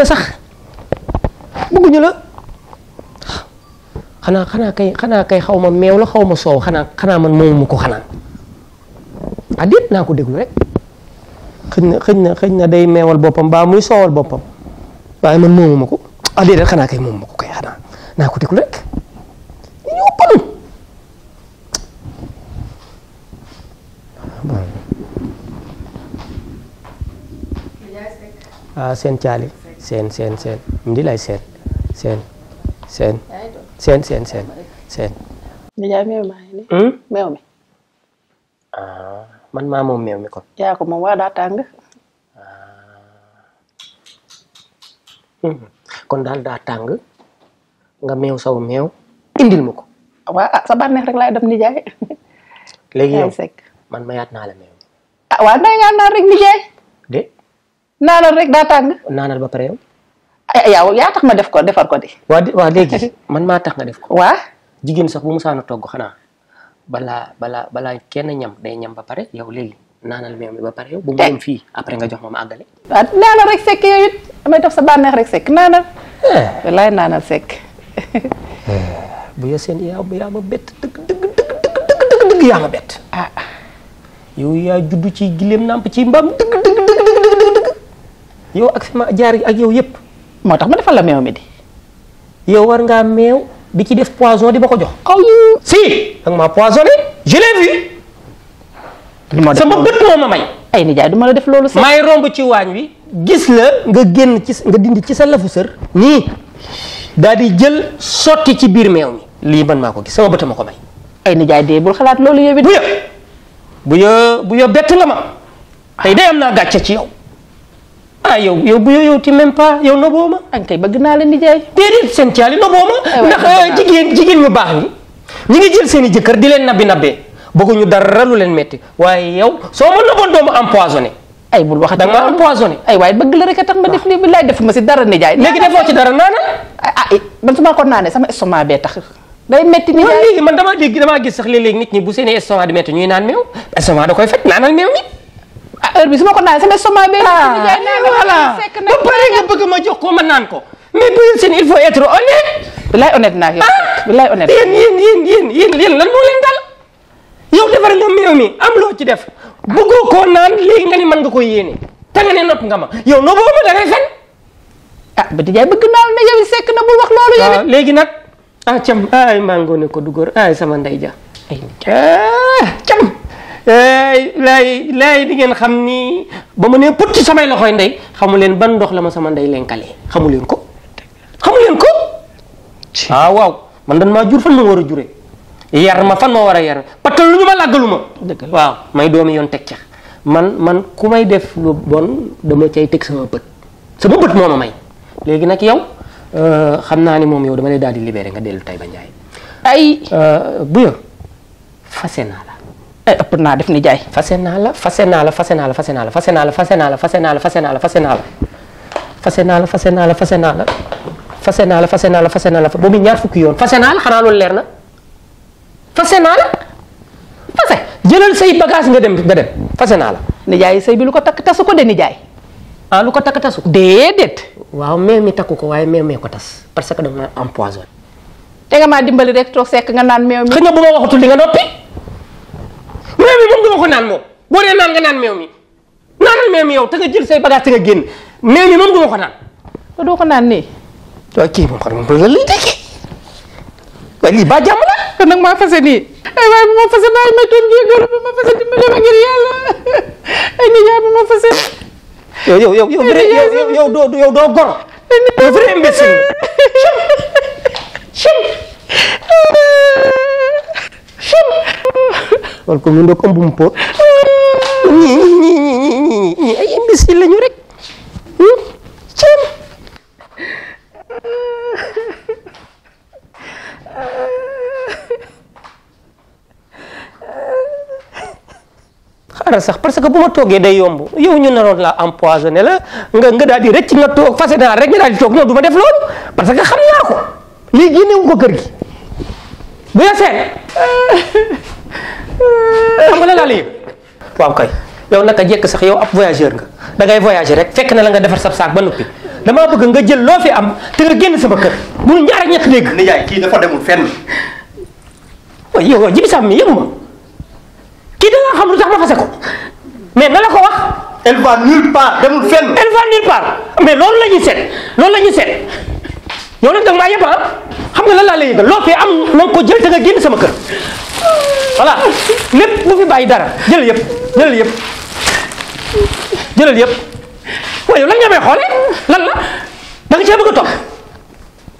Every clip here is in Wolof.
la sax bëgguñu la xanaa xanaa kay xanaa kay xaw ma meew la xaw ma soow xanaa xanaa man moomu ko xanaa ah déet naa ko déglu rek xëñ na xëñ na day meewal boppam baa muy soowal boppam waaye man moomu ma ko ah déedéet xanaa kay moomu ma ko kay xanaa naa ko déglu rek ñu panu ah, ah seen caali seen seen seen ndi lay seen seen seen seen seen seen seen nijaay ma maa ngi nii meew mi ah man maa moom meew mi kon yaa ko moom waa daa tàng kon daal daa tàng nga meew saw meew indil ma ko waa sa bànneex rek laay dem nijaay léegi yow man ma yaat naa la meew ah waa nday nga naan rek nijaay naanal rek daa tàng. naanal ba pare eh, yow. yaa tax ma def ko defar ko de. waa di waa léegi man maa tax nga def ko. waa jigéen sax bu mu saana togg xanaa bala balaa kenn ñam day ñam ba pare yow léegi naanal meew ba pare yow. bu eh. fii après nga jox ma ma àggale. naanal rek sekk yow def sa bànneex rek sekk naanal. Eh. wallaay naanal sekk. bu ya seen yaa yaa ma dëgg dëgg dëgg dëgg dëgg yaa ma bett. ah yow yaa judd ci gileem nàmp ci mbaam dëgg dëgg. yow ak ma jaar yi ak yow yëpp moo tax ma defal la meew mi di yow war ngaa meew bi ci def poison di ba ko jox. aw si. ak ma poisonné je l'ai vu. sama bët moo ma may. ay nijaay du ma la def loolu sax. may romb ci waañ wi. gis la nga génn ci nga dindi ci sa lafu sër. nii daal di jël sotti ci biir meew mi. lii man maa ko gis sama bët ma ko may. ay nijaay dee bul xalaat loolu yow it. bu yo bu yo bu yo bett nga ma. tey day am naa gàcce ci yow. ah yow yow bu yow yow ti même pas yow noboo ma. ak bëgg naa leen di jaay. déedéet seen caali noboo ma. ndax eh, jigéen jigéen ñu baax ñi. ñi ngi jël seen i jëkkër di leen nabbi nabbee bëgguñu dara lu leen métti waaye yow soo ma noboon doo ma empoisonné. ay bul wax da nga ma empoisonné. ay waaye bëgg la a def ah. lii billaay def ma si dara ni jaay. léegi defoo ci dara naana. ah ah eh, man su ma ko naanee sama estomac bee tax. day métti ni man léegi man damaa gis sax léeg-léeg nit ñi bu seen i estomac di métti ñuy naan meew estomac da koy faj naanal meew nit ah heure bi su ma ko naan sama soma bee. ah voilà pare nga bëgg ma jox ko ma naan ko. mais bu seen il faut être honnête. bilaay honnête naa yow. Ah. bilaay honnête yéen yéen yéen yéen yéen lan moo leen yow defar nga meew mi am loo ci def. bëggoo ko naan léegi nga ni mën nga ko yéene. te nga ne nopp nga ma yow noo boobu da ngay fen. ah ba di jaay bëgg naa ne bu sekk na bul wax loolu. yow ah, léegi nag ah cam ay maa ngoone ko du góor ay sama ndey ja laay laay di ngeen xam nii ba ma nee put ci samay loxoy ndey xamu leen ban ndox la ma sama ndey lenkale xamu ko xamu leen ko ah waaw man dan maa jur fan ma war a jure yar ma fan ma war a yar patal lu ñu ma làggalu ma waaw may doomi yoon teg ca man man ku may def lu bon dama cay teg sama bët sama bët moo ma may léegi nag yow euh, xam naa ni moom yow dama lay daal di libéré nga dellu tay ba njaay ay euh, bu yo fase naa la ay ëpp naa def ni jaay. fase naa la fase naa la fase naa la fase naa la fase naa la fase naa la fase naa la fase naa la fase naa la fase naa la fase naa la fase naa la fase naa la fase naa la fase naa la ba muy ñaar fukki yoon fase naa la xanaa loolu leer na fase naa la fase jëlal say bagage nga dem nga dem fase naa la. nijaay sëy bi lu ko takk tasu ko de nijaay. ah lu ko takk tasu ko. déedéet. waaw mais mi takku ko waaye mais mee ko tas parce que dama empoisonné. te nga maa dimbali rek toog sekk nga naan meew mi. xëy na bu ma waxatul di nga noppi. meew mi moom duma ko naan moom boo dee naan nga naan meew mi naanal meew mi yow te jël say bagage te nga génn meew moom duma ko naan. te doo ko naan nii. waaw kii moom xam nga lan ba jàmm la. kon nag maa fase nii. Eh, ay ma fase naa ma doon yëngal dimbale ma ngir yàlla ay nit yaa bu ma fase. yow yow yow yow doo yow doo gor. yow vrai xool ko mu ndoog ëmb mu po ñii ñii ñii ñii ay imbécile lañu rek cim hmm? xaaral sax parce que bu ma toogee day yomb yow ñu naroon laa empoisonné la nga nga daal di rëcc nga toog fase naa rek nga daal di toog non du ma def loolu parce que xam naa ko lii génnewu ko kër gi bu ya xam nga la laa yëg waaw kay yow naka jekk sax yow ab voyageur nga dangay ngay rek fekk na la nga defar sab saak ba noppi damaa bëgg nga jël loo fi am te génn sama kër munu ñaar ak ñett dégg. nijaay kii dafa demul fenn. waaye yow waa sam mi yëgu ma da nga ko mais na ko wax. elle demul fenn. elle va nulle mais loolu la ñuy loolu la ñuy seet yow nag da nga yëpp ah. xam nga lan laa lay yëgal am na nga jël te nga génn sama kër. voilà lépp bu fi bàyyi dara jëlal yëpp jëlal yëpp jëlal yëpp waaye yow lan nga may xoole lan la da nga cee bëgg a topp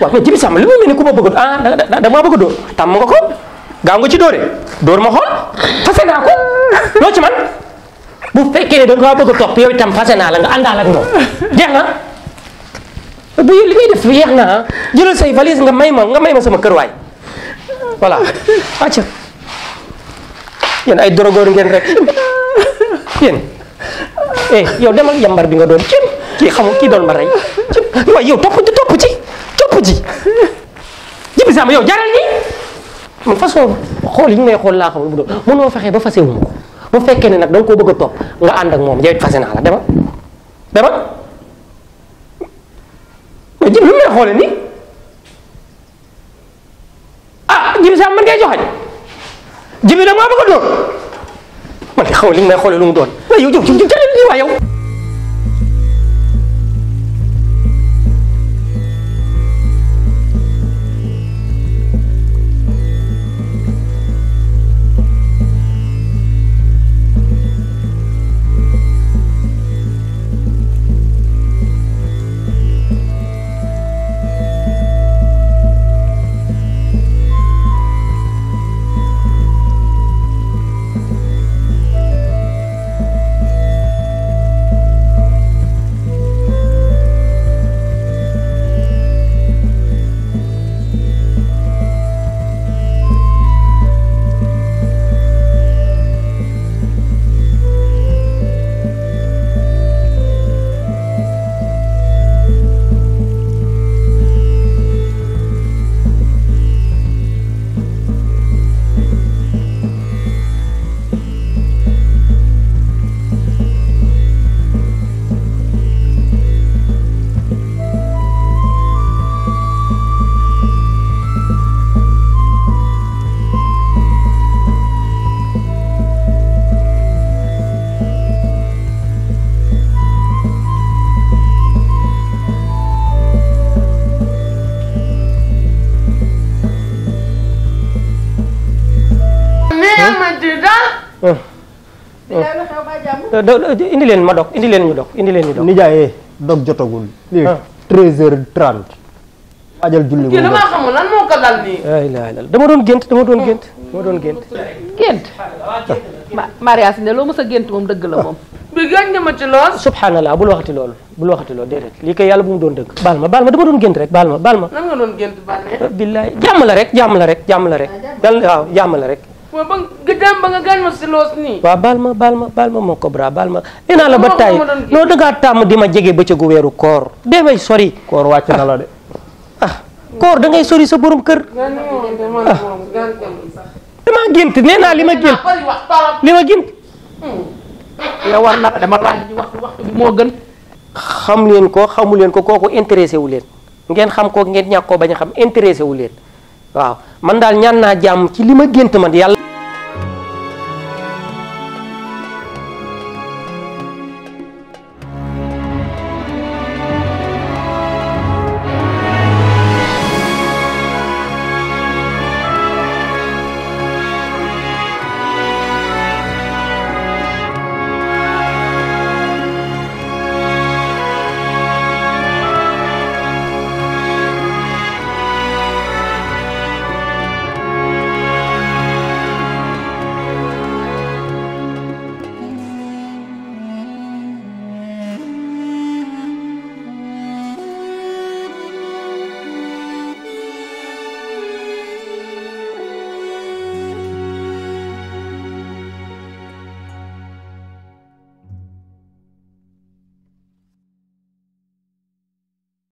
waaw mais Jibi Samb li mu mel ni bëgg a ah da da maa bëgg nga ko gaaw nga ci dóore dóor ma xool fase naa ko loo ci man bu fekkee ne da nga bëgg a topp yow itam fase naa la nga àndaal ak moom jeex na bu li ngay def yeex na ah jëlal say valise nga may ma nga may ma sama kër waay voilà yéen ay drogoor ngeen rek yéen eh, yow demal yambar bi nga doon cim kii xamul kii doon ma rey cim waaye yow topp ci topp ci topp ci jibi sama yow jaral ni man façon xool yi ñu may xool laa xamul bu doon mënoo fexee ba fase wuma ko bu fekke ne nag da koo bëgg a topp nga ànd ak moom yow it fase naa la demal demal mais jibi lu may xoole nii jibi nag maa bëgg a dóor man de xaw ma li nga may xoolee lu mu doon waaye yow jëm jëm jëm jëlal lii waa yow. Oh. Oh. Eh, indi leen ma dog indi leen ñu dog indi leen ñu dog. nijaayee dog jotagul. léegi ah. treize heures trente. waajal julli kii damaa xamul lan moo ko dal nii. dama doon gént dama doon gént. Oh. dama doon gént. gént. mariage ne loo mës a gént moom dëgg la moom. bi gaañ nga ma ci lool. subhanallah bul waxati loolu bul waxati loolu déedéet yàlla bu mu doon dëgg. baal ma baal dama doon gént rek baal ma baal ma. nan nga doon gént baal billaay jàmm la rek jàmm rek jàmm rek. Ah, waaw jàmm rek. waaw ma si baal ma baal ma baal ma moo Cobra baal ma. nee naa la ba tàyyi noo dangaa tàmm di ma jege bëccëgu weeru koor. dee may sori. koor wàcc na la de. Ah, koor da ngay sori sa borom kër. Ah. gént nee li ma gént hmm. li ma gént. yow na dama laaj waxtu waxtu bi moo gën. xam leen ko xamu leen ko kooku intéressé wu leen ngeen xam ko ngeen ñàkk koo bañ a xam intéressé wu leen. waaw man daal ñaan naa jàmm ci li ma gént man yàlla